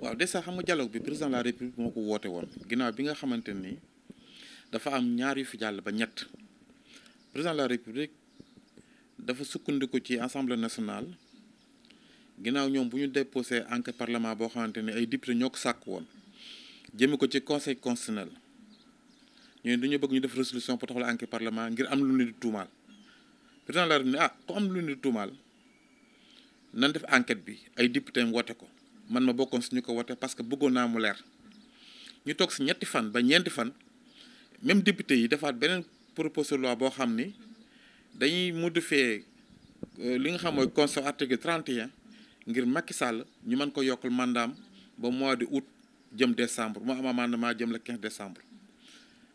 waaw dèjà xam nga dialogue bi président de la république moo ko woote woon ginaaw bi nga xamante ni dafa am ñaar yu fi jàll ba ñett président de la république dafa sukkandiku ci assemblée nationale ginnaaw ñoom bu ñu déposé enquête parlement boo xamante ni ay député ñoo ko sàkk woon jëme ko ci conseil constitutionnel ñooñu dañoo bëgg ñu def résolution pour taxawal enquête parlement ngir am lu ñu di tuumaal. président de la République ah ku am lu ñu tuumaal nan def enquête bi ay député am wote ko man ma bokkoon su ñu ko wote parce que bëggoon naa mu leer ñu toog si ñetti fan ba ñeenti fan même député yi defaat beneen proposition de boo xam ni dañuy modifier euh, li nga xam mooy constat article 31 ngir makki Sall ñu man ko yokkal mandaam ba mois de août jëm décembre mu am amendement jëm le 15 décembre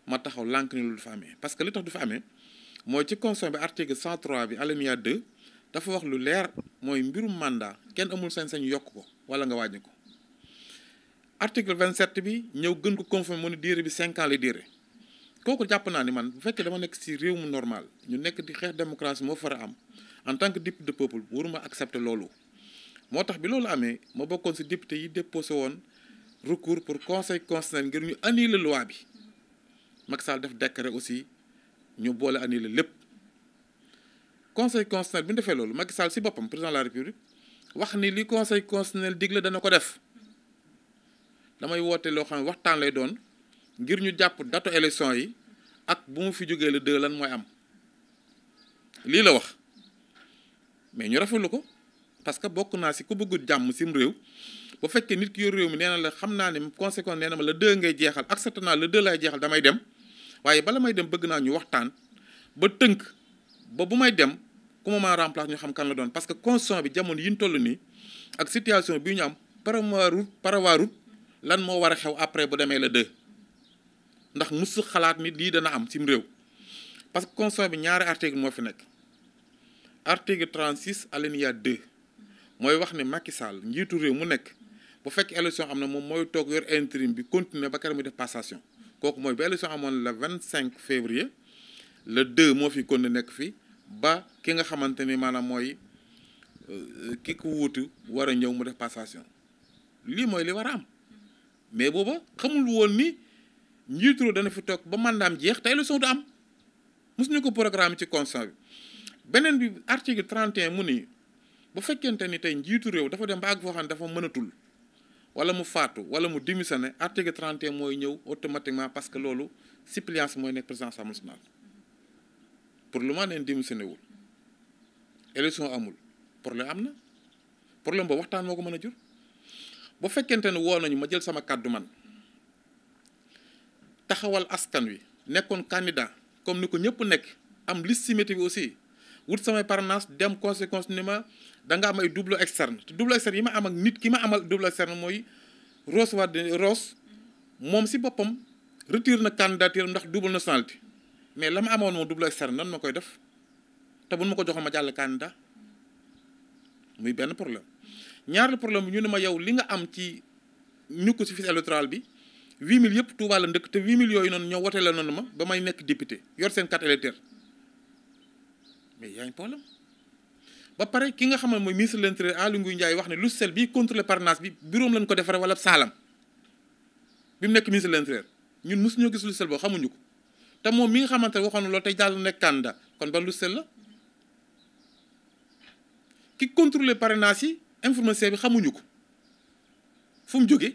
ma taxaw lànk ni lu du fa amee parce que li tax du fa amee mooy ci constitution bi article 103 bi alinéa 2 dafa wax lu leer mooy mbirum mandat kenn amul sañ-sañ yokk ko wala nga wàññi ko article 27 bi ñëw gën ko confirmer mu ne diire bi 5 ans la diire kooku jàpp naa ni man bu fekkee dama nekk ci réew mu normal ñu nekk di xeex démocratie moo far am en tant que député de peuple waruma accepter loolu moo tax bi loolu amee ma bokkoon ci député yi déposé woon recours pour conseil constitutionnel ngir ñu annuler loi bi Macky def décret aussi ñu boole annulé lépp conseil constitutionnel bi ñu defee loolu Macky Sall si boppam président de la république wax ni li conseil constitutionnel digle dana ko def damay woote loo xam ne waxtaan lay doon ngir ñu jàpp datu élection yi ak bu mu fi jógee le deux lan mooy am lii la wax mais ñu rafetlu ko parce que bokk naa si ku bëgg jàmm sim réew bu fekkee nit ki yor réew mi nee na la xam naa ne conséquence nee na ma le deux ngay jeexal accepté naa le deux lay jeexal damay dem waaye bala may dem bëgg naa ñu waxtaan ba tënk ba bu may dem ku ma maa remplace ñu xam kan la doon parce que constant bi jamono yi ñu toll nii ak situation bi ñu am parawaarut parawaarut lan moo war a xew après bu demee la deux ndax musu xalaat ni lii dana am cim réew parce que constant bi ñaari article moo fi nekk article 36 alinéa 2 mooy wax ne Macky Sall njiitu réew mu nekk bu fekk élection am na moom mooy toog yor intérim bi continuer ba keroog mu passation kooku mooy ba élection amoon le vingt cinq février le deux moo fi kon nekk fi ba ki nga xamante ni maanaam mooy euh, ki ko wuutu war a ñëw mu def passation lii mooy li war a am mais booba xamul woon ni njiitu dana fi toog ba mandaam jeex te élection du am mosuñu ko programme ci constat bi beneen bi article 31 mu ni ba fekkente ni tey njiitu réew dafa dem ba àgg foo xam ne dafa mënatul wala mu faatu wala mu démissionné article 31 mooy ñëw automatiquement parce que loolu suppléance mooy nekk président assemblée nationale pour le moment neen démissionné wul élection amul problème am na problème boobu waxtaan moo ko mën a jur bu fekkente ne woo nañu ma jël sama kàddu man taxawal askan wi nekkoon candidat comme ni ko ñëpp nekk am liste symétrique bi aussi wut samay parrainage dem conséquence ni ma danga am ay double externe te double externe yi ma am ak nit ki ma amal double externe mooy Rose Wardini Rose moom si boppam retire na candidature ndax double nationalité mais la ma amoon moom double externe nan ma koy def te buñ ma ko joxoon ma jàll candidat muy benn problème ñaareelu problème bi ñu ne ma yaw li nga am ci ñu ko ci fichier électoral bi 8000 yëpp Touba la ndëkk te 8000 yooyu noonu ma ba may nekk député yor seen carte mais y a un ba pare ki nga xam ne mooy ministre de l'intérieur Aly Ngouille Ndiaye wax ne lu sel bii contrôler parrainage bi bureau lañ ko defaree wala saalam bi mu nekk ministre de l'intérieur ñun mosuñoo gis lu sel boo xamuñu ko te moom mi nga xamante ne waxoon na loolu tey daal nekk candidat kon ba lu sel la ki contrôler parrainage yi information bi xamuñu ko fu mu jógee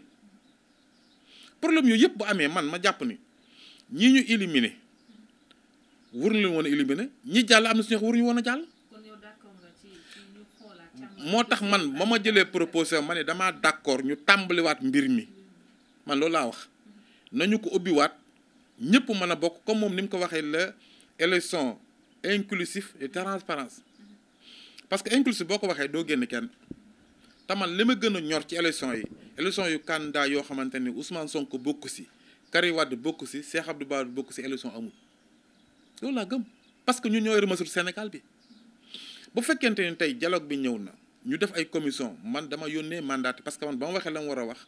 problème yooyu yëpp bu amee man ma jàpp ni ñii ñu éliminer. waruñu leen woon a éliminer ñi jàll am na suñu wax waruñu woon a jàll. moo tax man ba ma jëlee proposition ma ne damaa d'accord ñu tàmbaliwaat mbir mi man loolu laa wax nañu ko ubbiwaat ñëpp mën a bokk comme moom ni mu ko waxee la élection inclusive et transparence parce que inclusive boo ko waxee doo génn kenn te man li ma gën a ñor ci élection yi élection yu candidat yoo xamante ni Ousmane Sonko bokk si Karim Wade bokk si Cheikh du Bara bokk si élection amul. loolu laa gëm parce que ñun ñoo yore Sénégal bi bu fekkente ni tey dialogue bi ñëw na ñu def ay commission man dama yónnee mandat parce que man ba ma waxee la war a wax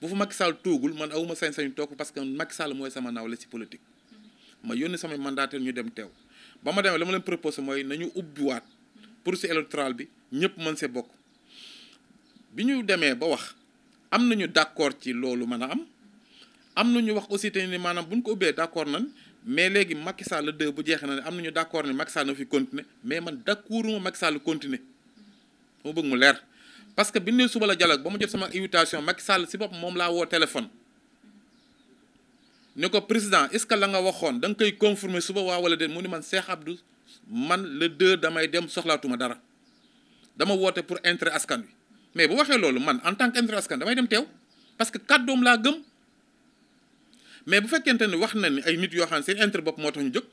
bu fa Macky Sall toogul man awuma sañ-sañu toog parce que Macky Sall mooy sama nawle ci politique ma yónnee samay mandataire ñu dem teew ba ma demee la ma leen proposé mooy nañu ubbiwaat processus électoral bi ñëpp mën see bokk bi ñu demee ba wax am nañu d'accord ci loolu mën a am na ñu wax aussi te ni maanaam buñ ko ubbee d'accord nan mais léegi Macky Sall deux bu jeex na ne am nañu d' accord ne Macky na fi continuer mais man d' accord ma Macky Sall continuer moo bëgg mu leer parce que bi suba la dialogue ba mu jot sama invitation Macky Sall si bopp moom laa téléphone ne ko président est ce que la nga waxoon da nga koy confirmer suba waa wala déet mu ni man Cheikh man le deux damay dem soxlaatuma dara dama woote pour intérêt askan wi mais bu waxee loolu man en tant que intérêt askan damay dem teew parce que kàddoom laa gëm. mais bu fekkente ne wax na ni ay nit yoo xam ne seen intérêt bopp moo tax ñu jóg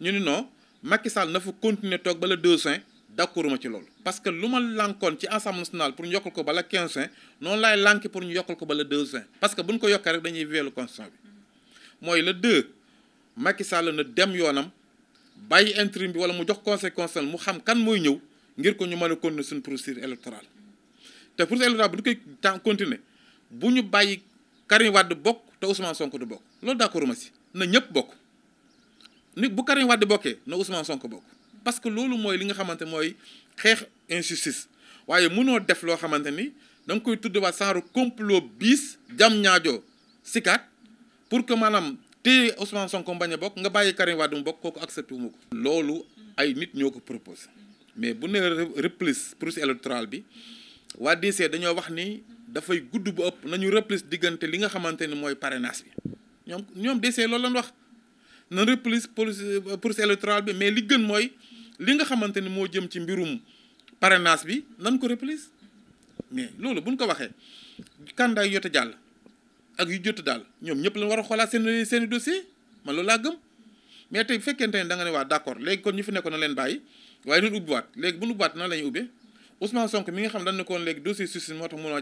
ñu ni noo Macky Sall na fa continuer toog bala deux juin d'accord ma ci loolu. parce que lu ma lànkoon ci assemblée nationale pour ñu yokkal ko bala quinze juin noonu laay lànki pour ñu yokkal ko bala deux juin parce que bu ñu ko yokkee rek dañuy veelu constitution bi mooy le deux Macky Sall na dem yoonam bàyyi intérim bi wala mu jox conseil constitutionnel mu xam kan mooy ñëw ngir ko ñu mën a continuer suñu procédure électorale te procédure électorale bu ñu koy temps continuer bu ñu bàyyi Karim Wade bokk te Ousmane Sonko bokk. loolu d'accord ma si na ñëpp bokk nit bu Karim Wade bokkee na Ousmane sonk bokk parce que loolu mooy li nga xamante mooy xeex injustice waaye mënoo def loo xamante ni da nga koy tuddewaat saaru complot bis jam ñaajoo sikaat pour que maanaam te Ousmane Sonko bañ a bokk nga bàyyi Karim Wade mu bokk kooku accepté wu mu ko. loolu ay nit ñoo ko proposé mais bu nee replis processus électoral bi waa DC dañoo wax ni dafay gudd bu ëpp nañu replise diggante li nga xamante ni mooy parrainage bi. ñoom ñoom DC loolu lañ wax na replis procès électoral bi mais li gën mooy li nga xamante ni moo jëm ci mbirum parrainage bi nan ko replis mais loolu bu buñ ko waxee candidat yu jot jàll ak yu jot daal ñoom ñëpp lañ war a xoolaat seen seen man loolu laa gëm mais tey bu fekkente ne da waa d'accord léegi kon ñu fi nekkoon na leen bàyyi waaye duñ ubbiwaat léegi bu ñu ubbiwaat nan la ñuy ubbee Ousmane Sonko mi nga xam dañ ne koon léegi dossier suicide moo tax mënoo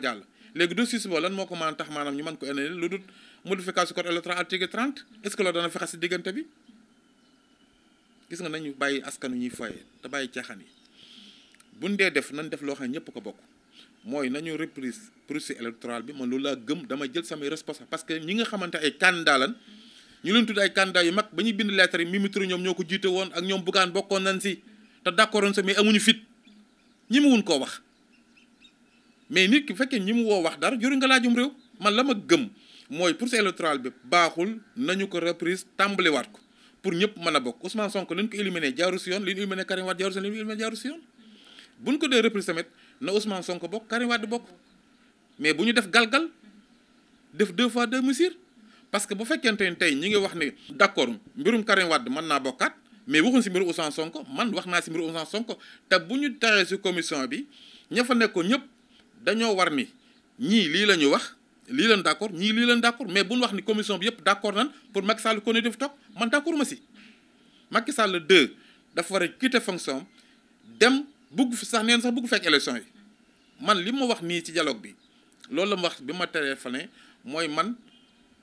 maanaam ñu mën ko annulé modification code électoral article 30 est-ce que loolu dana si diggante bi gis nga nañu bàyyi askanu ñuy foye te bàyyi caaxaan yi buñ dee def nañ def loo xam ne ñëpp ko bokk mooy nañu reprise processus électoral bi man loolu laa gëm dama jël samay responsable parce que ñi nga xamante ay candidat lan ñu leen tudd ay candidat yu mag ba ñu bind lettre yi Mimi Touré ñoom ñoo ko jiite woon ak ñoom buggaan bokkoon nañ si te d'accordoon sa mais amuñu fit ñi mu koo wax mais nit ki fekkee ñi mu woo wax dara juri nga laajum réew man la ma gëm mooy pour processus électoral bi baaxul nañu ko reprise tàmbaliwaat ko pour ñëpp mën a bokk Ousmane sonk li ñu ko éliminé jaaru si yoon li ñu éliminé Karim Wade jaaru si yoon si yoon bu ñu ko dee reprise tamit na Ousmane Sonko bokk Karim Wade bokk mais bu ñu def galgal def deux fois deux mesures parce que bu fekkente ni tey ñi ngi wax ne d'accord mbirum Karim Wade mën naa bokkaat mais waxuñ si mbirum Ousmane sonk man wax naa si mbirum Ousmane Sonko te bu ñu taxee si commission bi ña fa nekkoon ñëpp dañoo war ni ñii lii la ñu wax. lii leen d' accord ñii lii leen d' accord mais bu ñu wax ni commission bi yëpp d' nan pour Macky Sall ko ne man d' accord ma si. Sall 2 dafa war a quitter fonction dem bugg fi sax neen sax bugg fekk élection yi man li ma wax nii ci dialogue bi loolu la ma wax bi ma téléphoné mooy man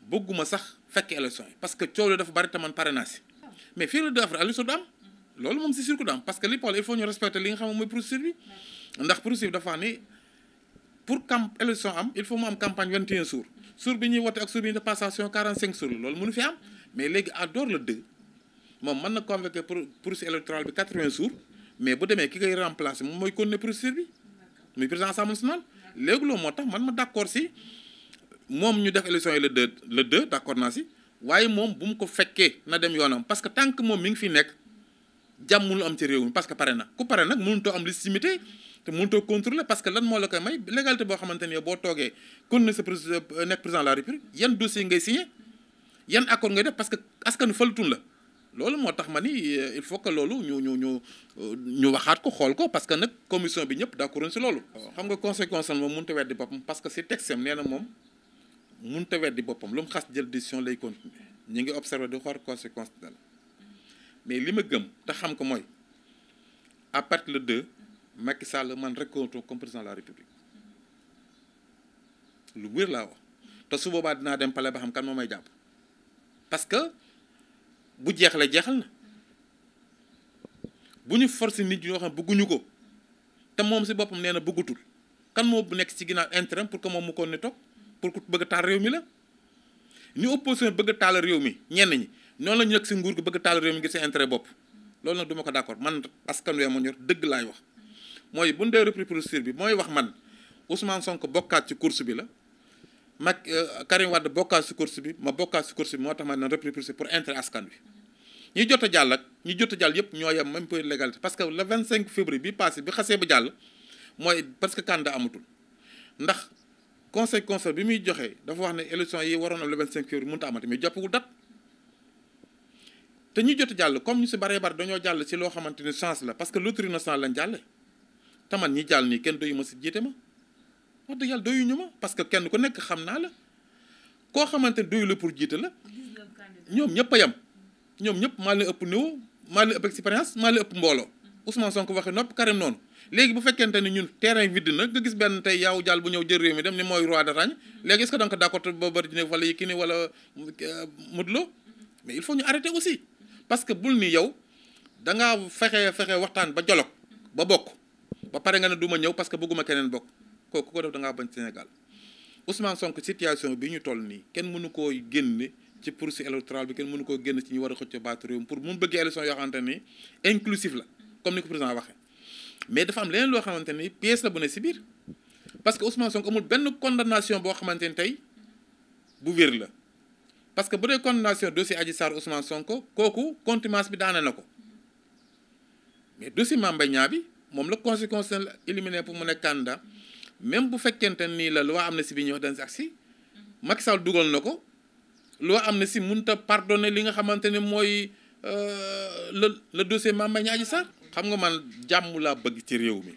bëgguma sax fekk élection yi parce que coow li dafa bari te man pare naa si mais fii la deux avril élection du am loolu moom si surtout du am parce que li Paul il faut ñu respecter li nga xam ne bi ndax procédure dafa wax ni. pour camp élection am il faut mu am campagne 21 jours jour bi ñuy wote ak jour bi ñuy def passation 45 jours la loolu mënu fi am mais léegi à door le deux moom mën na convoquer pour processus électoral bi 80 jours mais bu demee ki koy remplacer moom mooy continuer procédure bi muy président Assemblée nationale léegi loolu moo tax man ma d' accord si moom ñu def élection yi le deux le deux accord naa si waaye moom bu mu ko fekkee na dem yoonam parce que tant moom mi ngi fi nekk jàmm mënul am ci réew mi parce que pare na ku pare nag mënutoo am légitimité te mënutoo contrôler parce que lan moo la koy may légalité boo xamante ni boo toogee kon ne sa euh, nekk président de la république yan dossier ngay signé yan accord ngay def parce que askanu falutun la loolu moo tax ma ni euh, il faut que loolu ñu ñu ñu euh, ñu waxaat ko xool ko parce que nag commission bi ñëpp d'accord si loolu. xam nga conséquence am moom mënut a weddi boppam parce que si texte am nee na moom mënut a weddi boppam lu mu xas jël décision lay continuer ñu ngi observé di xool conséquence dal mais li ma gëm te xam ko mooy à partir le 2. Macky Sall man rek ko comme président de la république lu wér laa wax te su boobaa dinaa dem pale ba xam kan moo may jàpp parce que bu jeexalee jeexal na bu ñu forcé nit ñoo xam bëgguñu ko te moom si boppam nee na bëggutul kan moo nekk si ginnaaw intérêt pour que moom mu ko ne toog pour que bëgg a taal réew mi la ni opposition bëgg a taal réew mi ñenn ñi noonu la ñu nekk si nguur gi bëgg a taal réew mi ngir seen intérêt bopp loolu nag duma ko d'accord man askan wi ma ñor dëgg laay wax. mooy bu ñu dee repris procédure bi mooy wax man Ousmane Sonko bokkaat ci course bi la mag euh, Karim Wade bokkaat ci course bi ma bokkaat ci course bi moo tax ma ne repris procédure pour intérêt askan wi. ñi jot a jàll ñi jot a jàll yëpp ñoo yem même pour légalité parce que le 25 février bi passé bi xasee ba jàll mooy parce que candidat amatul ndax conseil bi muy joxe dafa wax ne élection yi waroon am le 25 février mënut a amati mais jàppagul date. te ñi jot a jàll comme ñu si baree bari dañoo jàll si loo xamante chance la parce que loterie nationale lañ jàlle taman ñi jàll nii kenn doyu ma si jiite ma wax dëgg yàlla ñu ma parce que kenn ku nekk xam naa la koo xamante ne doyu la pour jiite la ñoom ñëpp a yem ñoom ñëpp maa leen ëpp niveau maa leen ëpp expérience maa leen ëpp mbooloo Ousmane Sonko waxee nopp Karim noonu léegi bu fekkente ni ñun terrain vide nag nga gis benn tey yaaw jàll bu ñëw jël réew mi dem ni mooy roi de Ragne léegi est-ce que da nga ko d'accord ba bëri dina wala Yékini wala euh, Modou Lô mais il faut ñu arrêter aussi parce que bul ni yow da ngaa fexe fexe waxtaan ba jolog ba bokk ba pare nga ne du ñëw parce que bëgguma keneen bokk kooku ko def da ngaa bañ situation bi ñu toll nii kenn mënu koo génne ci processus électoral bi kenn mënu koo génn ci ñu war a xëccoo baatu réew pour mu bëggee élection yoo xamante la comme ni ko waxee mais dafa am leneen loo xamante ni pièce la si biir parce que Ousmane Sonko amul benn condamnation boo xamante ni tey bu wér la parce que bu dee condamnation dossier Adji Sarr Ousmane Sonko kooku contumace bi daane na ko mais dossier Mame bi moom la conseil constitutionnel éliminé pour mu nekk candidat même bu fekkente nii la am na si bi ñuy wax dañ si agsi Macky Sall dugal na ko loi si mënut a pardonner li nga xamante ne mooy euh, le le dossier Mame Mbaye Niang sax xam nga man jàmm laa bëgg ci réew mi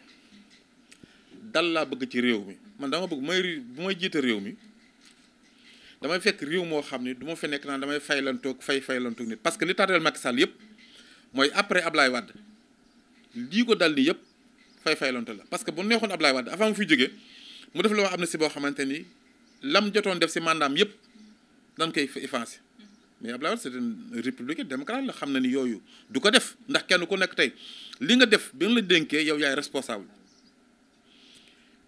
dal laa bëgg ci réew mi man dama bëgg may bu mooy jiite réew mi damay fekk réew moo xam ne duma ma nekk naan damay faylantoog fay faylantoog nit parce que li tardeel Macky Sall yëpp mooy après Ablaye Wade lii ko dal yëpp fay-faylonte la parce que bu neexoon Ablaye Wade avant mu fi mu def la wax am na si boo xamante ni lam jotoon def si mandaam yëpp dañ koy effacé mais Ablaye Wade c'est une république démocrate la xam na ni yooyu du ko def ndax kenn ku nekk tey li nga def bi nga la dénkee yow yaay responsable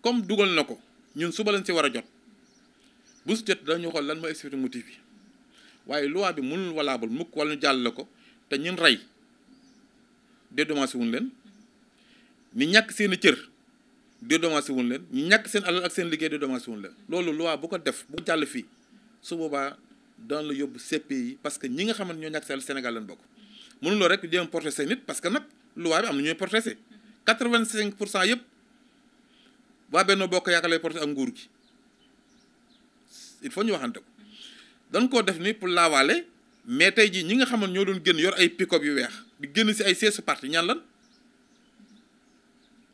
comme dugal na ko ñun suba lañ si war a jot bu si jot dañu xool lan mooy expliqué motif bi waaye loi bi mënul walaabul mukk wala ñu jàll la ko te ñun rey dédommagé wuñ leen. ñu ñàkk seen i cër dédommagé wuñ leen ñàkk seen alal ak seen liggéey dédommagé wuñ leen loolu loi bu ko def bu jàll fii su boobaa daan la yóbbu CPI parce que ñi nga xamante ñoo ñàkk seen Sénégal lañ bokk mënuloo rek jéem porté say parce que nag loi bi am na ñooy porté quatre cinq pour cent yëpp waa Benno Bokk Yaakaar lay porté ak nguur gi il faut ñu waxante ko dan koo def ni pour laawaale mais tey jii ñi nga xamante ñoo doon génn yor ay pick yu weex di génn si ay seesu parti ñaan lan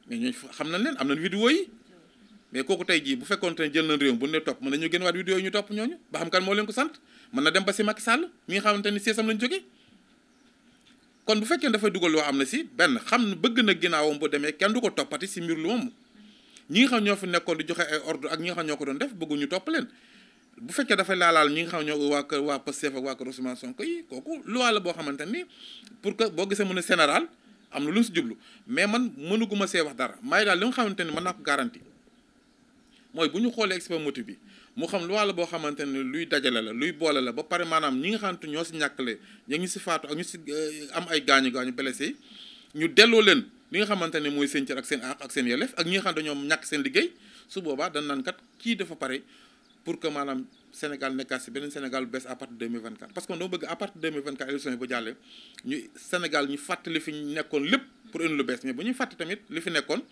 mais ñooñu xam nañ leen am nañ vidéo yi mais kooku tey jii bu fekkoonte ne jël nañ réew bu ne topp mën nañu gën waat vidéo yi ñu topp ñooñu ba xam kan moo leen ko sant mën na dem ba si Macky Sall mi nga xamante ni seesam lañ jógee kon bu fekkee dafay dugal loo am na si benn xam bëgg na ginnaawam bu demee kenn du ko toppati si mbir lu moom nga xam ñoo fi nekkoon di joxe ay ordre ak ñi nga xam ñoo ko doon def bëgguñu topp leen bu fekkee dafay laalaal ñi nga xam ñoo waa kër waa Pastef ak waa kër Ousmane Sonko yi kooku loi boo xamante ni pour que boo gisee mu ne général am na lu mu si jublu mais man mënuguma see wax dara may daal li nga xamante ni mën naa ko garanti mooy bu ñu xoolee expert motif bi mu xam lu wàll boo xamante ne luy dajale la luy boole la ba pare maanaam ñi nga xamante ñoo si ñàkkale ya ñu si faatu ak ñu si eh, am ay gaañu gaañu blessé yi ñu delloo leen li nga xamante ne mooy seen cër ak seen aaq ak seen yelleef ak ñi nga xam dañoo ñàkk seen liggéey su boobaa dañ naan kat kii dafa pare pour que maanaam Sénégal nekkaat si beneen Sénégal bu bees à partir de 2024 parce que dama bëgg à partir de 2024 élection yi ba jàllee ñu Sénégal ñu fàtte li fi nekkoon lépp pour indi lu bees mais bu ñu fàtte tamit li fi nekkoon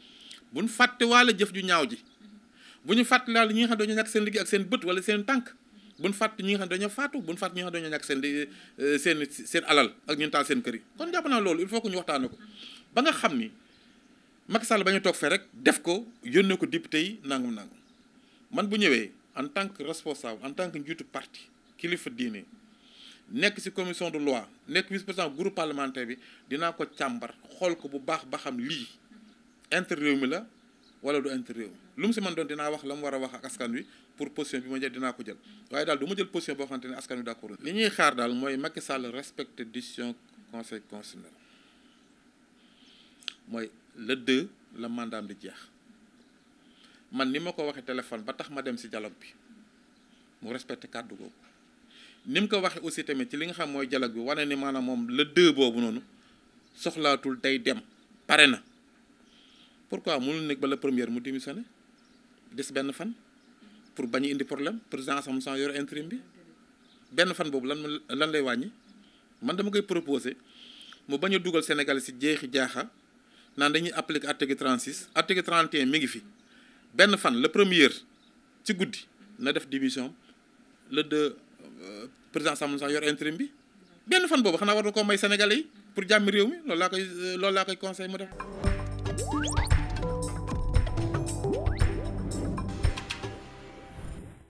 bu ñu fàtte waale jëf ju ñaaw ji bu ñu fàtte laal ñi nga xam dañoo ñàkk seen liggéey ak seen bët wala seen tànk bu ñu fàtte ñi nga xam dañoo faatu bu ñu fàtte ñi nga xam dañoo ñàkk seen euh, seen seen alal ak ñu taal seen kër yi kon jàpp naa loolu il faut que ñu ko ba nga xam ni Macky Sall ba ñu toog fee rek def ko yónnee ko député yi nangam nangam man bu ñëwee en tant que responsable en tant que njiitu parti kilifa diine nekk ci commission de loi nekk vice président groupe parlementaire bi dinaa ko càmbar xool ko bu baax ba xam lii inter mi la wala du inter lu mu si man doon dinaa wax la mu war a wax ak askan wi pour position bi ma jël dinaa ko jël waaye daal du ma jël position boo xamante ne askan wi d'accord li ñuy xaar daal mooy Macky Sall respecter décision conseil constitutionnel mooy le deux la mandaam di jeex man ni ma ko waxee téléphone ba tax ma dem si dialogue bi mu respecté kàddu googu ni mu ko waxee aussi tamit ci li nga xam mooy dialogue bi wane ni maanaam moom le deux boobu noonu soxlaatul day dem pare na pour pourquoi mënul nekk ba la première mu démissionné des benn fan pour bañ indi problème président assemblée sans yore intérim bi benn fan boobu lan lan lay wàññi man dama koy proposé mu bañ a dugal Sénégal si jeexi jaaxal naan dañuy appliquer article 36 article 31 mi ngi fi. benn fan la premier ci guddi na def division le deux euh, président Sall sax yor intérim bi benn fan boobu xanaa war na koo may Sénégalais yi pour jàmmi réew mi loolu laa koy euh, loolu laa koy conseil mu def.